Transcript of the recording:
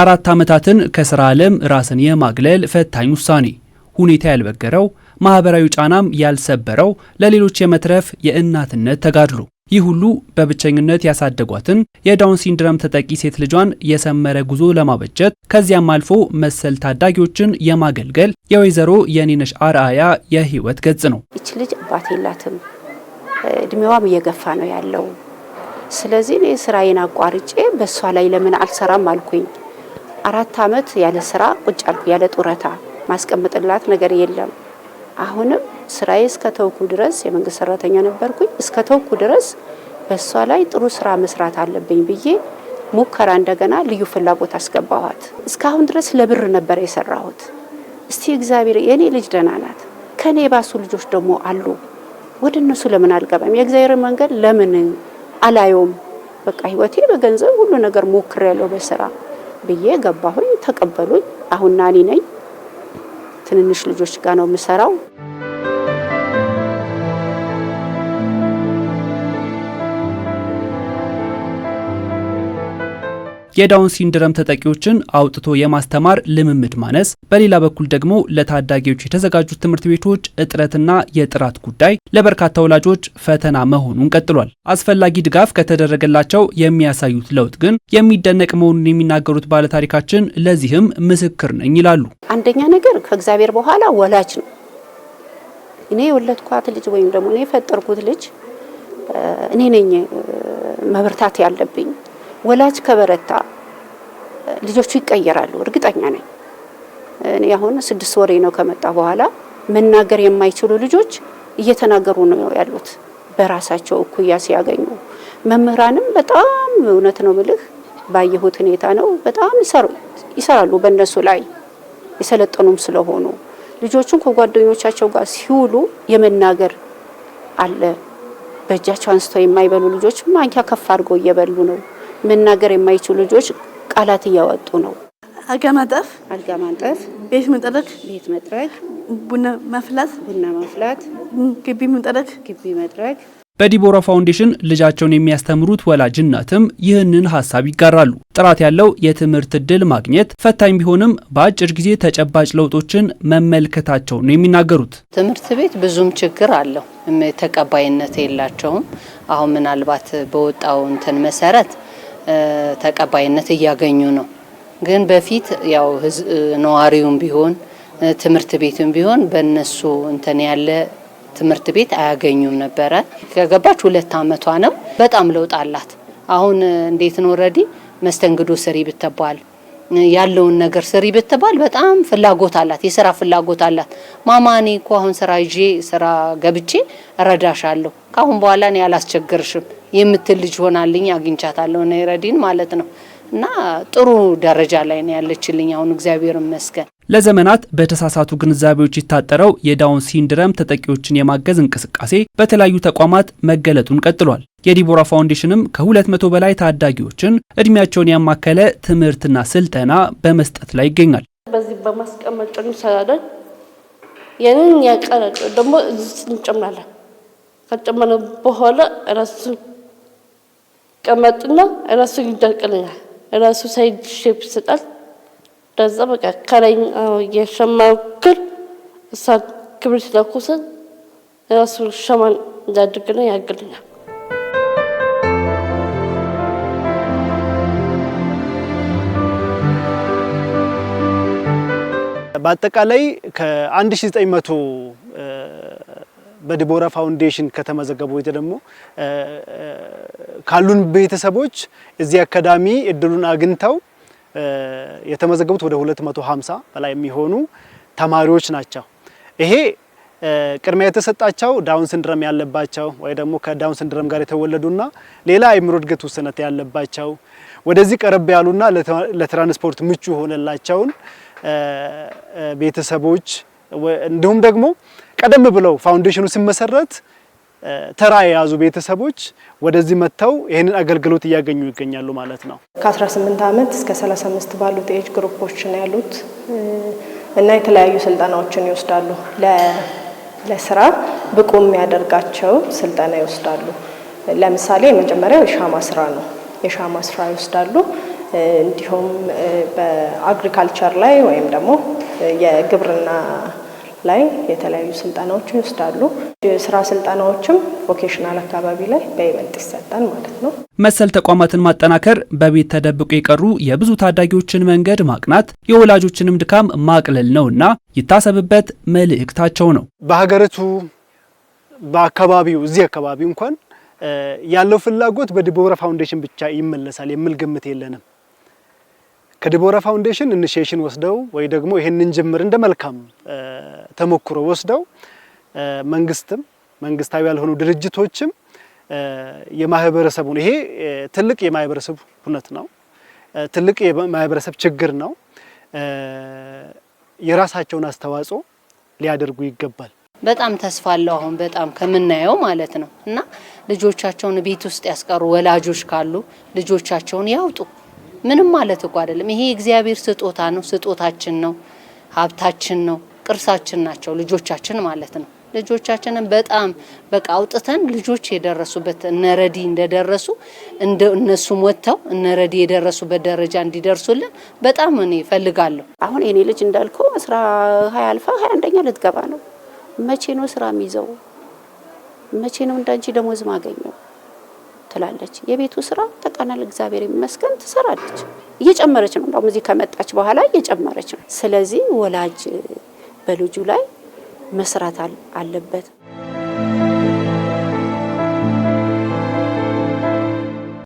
አራት ዓመታትን ከስራ ዓለም ራስን የማግለል ፈታኝ ውሳኔ፣ ሁኔታ ያልበገረው ማህበራዊ ጫናም ያልሰበረው ለሌሎች የመትረፍ የእናትነት ተጋድሎ፣ ይህ ሁሉ በብቸኝነት ያሳደጓትን የዳውን ሲንድረም ተጠቂ ሴት ልጇን የሰመረ ጉዞ ለማበጀት ከዚያም አልፎ መሰል ታዳጊዎችን የማገልገል የወይዘሮ የኔነሽ አርአያ የህይወት ገጽ ነው። ይች ልጅ አባት የላትም፣ እድሜዋም እየገፋ ነው ያለው። ስለዚህ እኔ ስራዬን አቋርጬ በእሷ ላይ ለምን አልሰራም አልኩኝ። አራት ዓመት ያለ ስራ ቁጭ አልኩ። ያለ ጡረታ ማስቀምጥላት ነገር የለም። አሁንም ስራዬ እስከ ተውኩ ድረስ የመንግስት ሰራተኛ ነበርኩኝ። እስከ ተውኩ ድረስ በእሷ ላይ ጥሩ ስራ መስራት አለብኝ ብዬ ሙከራ እንደገና ልዩ ፍላጎት አስገባኋት። እስካሁን ድረስ ለብር ነበር የሰራሁት። እስቲ እግዚአብሔር የእኔ ልጅ ደህና ናት፣ ከእኔ የባሱ ልጆች ደግሞ አሉ። ወደ እነሱ ለምን አልገባም? የእግዚአብሔር መንገድ ለምን አላየውም? በቃ ህይወቴ በገንዘብ ሁሉ ነገር ሞክሬያለሁ በስራ ብዬ ገባሁኝ። ተቀበሉኝ። አሁን ናኒ ነኝ። ትንንሽ ልጆች ጋር ነው የምሰራው። የዳውን ሲንድረም ተጠቂዎችን አውጥቶ የማስተማር ልምምድ ማነስ፣ በሌላ በኩል ደግሞ ለታዳጊዎች የተዘጋጁት ትምህርት ቤቶች እጥረትና የጥራት ጉዳይ ለበርካታ ወላጆች ፈተና መሆኑን ቀጥሏል። አስፈላጊ ድጋፍ ከተደረገላቸው የሚያሳዩት ለውጥ ግን የሚደነቅ መሆኑን የሚናገሩት ባለታሪካችን ለዚህም ምስክር ነኝ ይላሉ። አንደኛ ነገር ከእግዚአብሔር በኋላ ወላጅ ነው። እኔ የወለድኳት ልጅ ወይም ደግሞ እኔ የፈጠርኩት ልጅ እኔ ነኝ መበርታት ያለብኝ ወላጅ ከበረታ ልጆቹ ይቀየራሉ፣ እርግጠኛ ነኝ። እኔ አሁን ስድስት ወሬ ነው ከመጣ በኋላ መናገር የማይችሉ ልጆች እየተናገሩ ነው ያሉት በራሳቸው እኩያ ሲያገኙ። መምህራንም በጣም እውነት ነው ምልህ ባየሁት ሁኔታ ነው በጣም ይሰራሉ በእነሱ ላይ የሰለጠኑም ስለሆኑ ልጆቹን ከጓደኞቻቸው ጋር ሲውሉ የመናገር አለ። በእጃቸው አንስተው የማይበሉ ልጆች ማንኪያ ከፍ አድርገው እየበሉ ነው። መናገር የማይችሉ ልጆች ቃላት እያወጡ ነው። አልጋ ማንጠፍ፣ አልጋ ማንጠፍ፣ ቤት መጥረግ፣ ቤት መጥረግ፣ ቡና መፍላት ቡና መፍላት፣ ግቢ መጥረግ፣ ግቢ መጥረግ። በዲቦራ ፋውንዴሽን ልጃቸውን የሚያስተምሩት ወላጅ እናትም ይህንን ሀሳብ ይጋራሉ። ጥራት ያለው የትምህርት እድል ማግኘት ፈታኝ ቢሆንም በአጭር ጊዜ ተጨባጭ ለውጦችን መመልከታቸው ነው የሚናገሩት። ትምህርት ቤት ብዙም ችግር አለው፣ ተቀባይነት የላቸውም። አሁን ምናልባት በወጣው እንትን መሰረት ተቀባይነት እያገኙ ነው። ግን በፊት ያው ነዋሪውም ቢሆን ትምህርት ቤትም ቢሆን በእነሱ እንትን ያለ ትምህርት ቤት አያገኙም ነበረ። ከገባች ሁለት አመቷ ነው። በጣም ለውጥ አላት። አሁን እንዴት ነው ረዲ መስተንግዶ ስሪ ብትባል ያለውን ነገር ስሪ ብትባል በጣም ፍላጎት አላት፣ የስራ ፍላጎት አላት። ማማኔ እኔ እኮ አሁን ስራ ይዤ ስራ ገብቼ እረዳሻለሁ፣ ከአሁን በኋላ እኔ አላስቸግርሽም የምትል ልጅ ሆናልኝ አግኝቻታለሁ። ነይረዲን ማለት ነው እና ጥሩ ደረጃ ላይ ነው ያለችልኝ አሁን እግዚአብሔር ይመስገን። ለዘመናት በተሳሳቱ ግንዛቤዎች የታጠረው የዳውን ሲንድረም ተጠቂዎችን የማገዝ እንቅስቃሴ በተለያዩ ተቋማት መገለጡን ቀጥሏል። የዲቦራ ፋውንዴሽንም ከ200 በላይ ታዳጊዎችን እድሜያቸውን ያማከለ ትምህርትና ስልጠና በመስጠት ላይ ይገኛል። በዚህ በማስቀመጫ እንሰራለን። ያንን ያቀረጭ ደግሞ እንጨምራለን። ከጨመረ በኋላ ራሱ ቀመጥና ራሱ ይደርቅልናል። ራሱ ሳይድ ሼፕ ይሰጣል። ከዛ በቃ ከላይ የሸማው ክር እሳ ራሱ ሸማን ያግልኛል። በአጠቃላይ ከ1900 በዲቦራ ፋውንዴሽን ከተመዘገቡ ወይ ደግሞ ካሉን ቤተሰቦች እዚህ አካዳሚ እድሉን አግኝተው የተመዘገቡት ወደ 250 በላይ የሚሆኑ ተማሪዎች ናቸው። ይሄ ቅድሚያ የተሰጣቸው ዳውን ሲንድረም ያለባቸው ወይ ደግሞ ከዳውን ሲንድረም ጋር የተወለዱና ሌላ አይምሮ እድገት ውስነት ያለባቸው ወደዚህ ቀረብ ያሉና ለትራንስፖርት ምቹ የሆነላቸውን ቤተሰቦች እንዲሁም ደግሞ ቀደም ብለው ፋውንዴሽኑ ሲመሰረት ተራ የያዙ ቤተሰቦች ወደዚህ መጥተው ይህንን አገልግሎት እያገኙ ይገኛሉ ማለት ነው። ከ18 ዓመት እስከ 35 ባሉት ኤጅ ግሩፖች ነው ያሉት እና የተለያዩ ስልጠናዎችን ይወስዳሉ። ለስራ ብቁ የሚያደርጋቸው ስልጠና ይወስዳሉ። ለምሳሌ የመጀመሪያው የሻማ ስራ ነው። የሻማ ስራ ይወስዳሉ። እንዲሁም በአግሪካልቸር ላይ ወይም ደግሞ የግብርና ላይ የተለያዩ ስልጠናዎችን ይወስዳሉ። የስራ ስልጠናዎችም ቮኬሽናል አካባቢ ላይ በይበልጥ ይሰጣል ማለት ነው። መሰል ተቋማትን ማጠናከር በቤት ተደብቆ የቀሩ የብዙ ታዳጊዎችን መንገድ ማቅናት፣ የወላጆችንም ድካም ማቅለል ነውና ይታሰብበት መልእክታቸው ነው። በሀገሪቱ በአካባቢው እዚህ አካባቢ እንኳን ያለው ፍላጎት በዲቦራ ፋውንዴሽን ብቻ ይመለሳል የሚል ግምት የለንም። ከዲቦራ ፋውንዴሽን ኢኒሺዬሽን ወስደው ወይ ደግሞ ይህንን ጅምር እንደ መልካም ተሞክሮ ወስደው መንግስትም መንግስታዊ ያልሆኑ ድርጅቶችም የማህበረሰቡን ይሄ ትልቅ የማህበረሰብ ሁነት ነው፣ ትልቅ የማህበረሰብ ችግር ነው። የራሳቸውን አስተዋጽኦ ሊያደርጉ ይገባል። በጣም ተስፋ አለው። አሁን በጣም ከምናየው ማለት ነው እና ልጆቻቸውን ቤት ውስጥ ያስቀሩ ወላጆች ካሉ ልጆቻቸውን ያውጡ። ምንም ማለት እኮ አይደለም። ይሄ የእግዚአብሔር ስጦታ ነው፣ ስጦታችን ነው፣ ሀብታችን ነው፣ ቅርሳችን ናቸው ልጆቻችን ማለት ነው። ልጆቻችንን በጣም በቃ አውጥተን ልጆች የደረሱበት እነረዲ እንደደረሱ እነሱም ወጥተው እነረዲ የደረሱበት ደረጃ እንዲደርሱልን በጣም እኔ እፈልጋለሁ። አሁን የኔ ልጅ እንዳልኩ አስራ ሀያ አልፋ ሀያ አንደኛ ልትገባ ነው። መቼ ነው ስራ የሚይዘው? መቼ ነው እንዳንቺ ደሞዝ ማገኘው? ትላለች። የቤቱ ስራ ተቃናል እግዚአብሔር ይመስገን ትሰራለች። እየጨመረች ነው። እንደውም እዚህ ከመጣች በኋላ እየጨመረች ነው። ስለዚህ ወላጅ በልጁ ላይ መስራት አለበት።